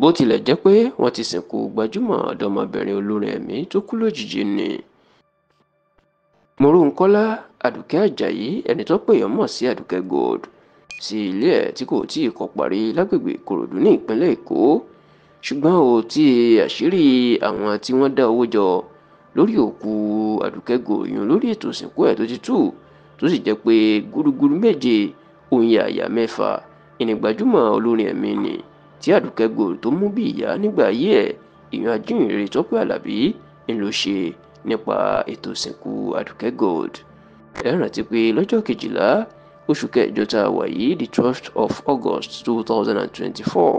bó tilẹ̀ jẹ́ pé wọ́n ti sìnkú gbajúmọ̀ ọ̀dọ́mọbìnrin olórin ẹ̀mí tó kú lójijì ni. Mòrúnkọ́lá Àdùkẹ́ Àjàyí ẹni tó pè yàn mọ̀ sí Àdùkẹ́ Gold sí ilé ẹ̀ tí kò tí ì kọ́ parí lágbègbè Ìkòròdú ní ìpínlẹ̀ Èkó ṣùgbọ́n ò tí àṣírí àwọn tí wọ́n dá owó jọ lórí òkú Àdùkẹ́ gòyún lórí ètò ìsìnkú ẹ̀ tó ti tú tó sì jẹ́ pé gúrúgúrú méje oyin àyà mẹ́fà ìnìgbàjúmọ̀ olórin ẹ̀mí ni tí àdùkẹ́ gold tó mú bí ìyá nígbà ayé ẹ̀ èèyàn ajínrere tọ́pẹ́ àlàbí ń ṣe nípa ètò ìsìnkú àdùkẹ́ gold ẹ rántí pé lọ́jọ́ kejìlá oṣù kẹjọ tá a wà yìí the twelfth of august two thousand and twenty-four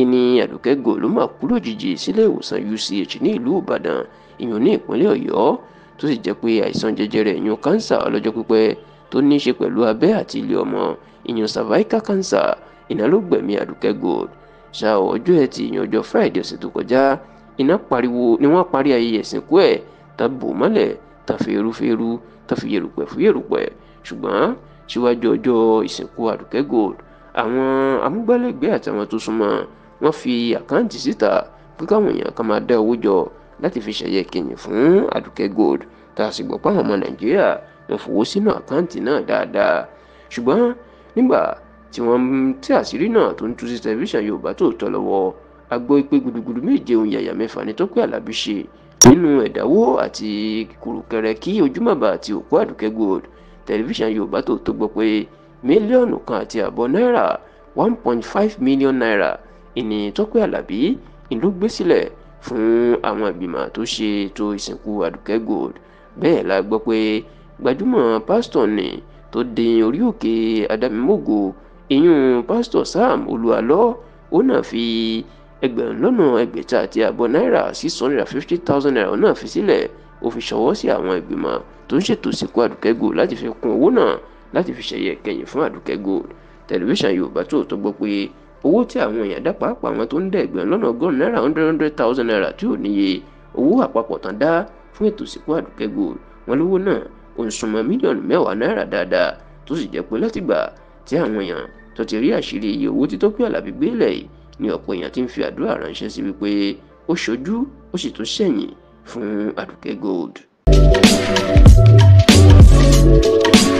ìní àdùkẹ́ gold ló mà kú lójijì sílé ìwòsàn uch ní ìlú ìbàdàn ìyún ní ìpínlẹ̀ ọ̀yọ́ tó sì jẹ́ pé àìsàn jẹjẹrẹ ìyún kánsà ọlọ́jọ́ pípẹ́ tó ní í ṣe pẹ̀lú abẹ́ àti ilé ọmọ ìyún cervical cancer ìná ló gold ṣá ọjọ́ ẹtì ìyẹn ọjọ́ friday ọ̀sẹ̀ tó kọjá iná pariwo ni wọ́n parí ayẹyẹ ìsìnkú ẹ̀ tá bò mọ́lẹ̀ tá fèrúfèrú tá fi yèrùpẹ̀ fún yèrùpẹ̀ ṣùgbọ́n síwájú ọjọ́ ìsìnkú àdùkẹ́ gold àwọn amúgbálẹ́gbẹ̀ẹ́ àtàwọn tó súnmọ́ wọ́n fi àkáǹtì síta pé káwọn èèyàn kan máa dá owó jọ láti fi ṣẹ̀yẹ kìnyìn fún àdùkẹ́ gold tá a sì gbọ́ pé àwọn ọmọ nàìjíríà wọ́n fowó sínú àkáǹtì náà dáadáa ṣùgbọ́n nígbà tí wọ́n ń tí àṣírí náà tó ń tú sí tẹlifíṣàn Yorùbá Tòótọ́ lọ́wọ́ a gbọ́ pé gudugudu méje ohun yàyà mẹ́fà ni Tópẹ́ Àlàbí ṣe nínú ẹ̀dáwó àti kùrùkẹrẹ kí ojúmọ̀bà àti òkú Àdùkẹ́ Gold tẹlifíṣàn Yorùbá Tòótọ́ gbọ́ pé mílíọ̀nù kan àti àbọ̀ náírà one point five million naira ìní Tópẹ́ Àlàbí ìlú gbé sílẹ̀ fún àwọn ìgbìmọ̀ tó ṣe ètò ìsìnkú Àdùkẹ́ Gold bẹ́ẹ̀ la gbọ́ pé gbajúmọ̀ pásítọ̀ ni tó dín orí òkè Adámimógo ìyún pásítọ̀ Sam Olúwalọ ó náà fi ẹgbẹ̀rún lọ́nà ẹgbẹ̀ta àti àbọ̀ náírà six hundred and fifty thousand naira náà fi sílẹ̀ ó fi ṣọwọ́ sí àwọn ìgbìmọ̀ tó ń ṣètò ìsìnkú Àdùkẹ́ Gold láti fi kún owó náà láti fi ṣẹ̀yẹ kẹyìn fún Àdùkẹ́ Gold tẹlifíṣàn Yorùbá Tòótọ́ gbọ́ pé owó tí àwọn èèyàn dá pàápàá àwọn tó ń dá ẹgbẹ̀rún lọ́nà ọgọ́rùn náírà hundred hundred thousand naira tí ò níye owó àpapọ̀ tán dá fún ètò ìsìnkú Àdùkẹ́ Gold wọn lówó náà ò ń súnmọ́ mílíọ̀nù mẹ́wàá náírà dáadáa tó sì jẹ́ pé látìgbà tí àwọn èèyàn tó ti rí àṣírí iye owó tí Tópé Àlàbí gbé lẹ̀ yìí ni ọ̀pọ̀ èèyàn ti ń fi àdúrà ránṣẹ́ sí wípé ó ṣojú ó sì tún ṣẹ̀yìn fún Àdùkẹ́ Gold. thank you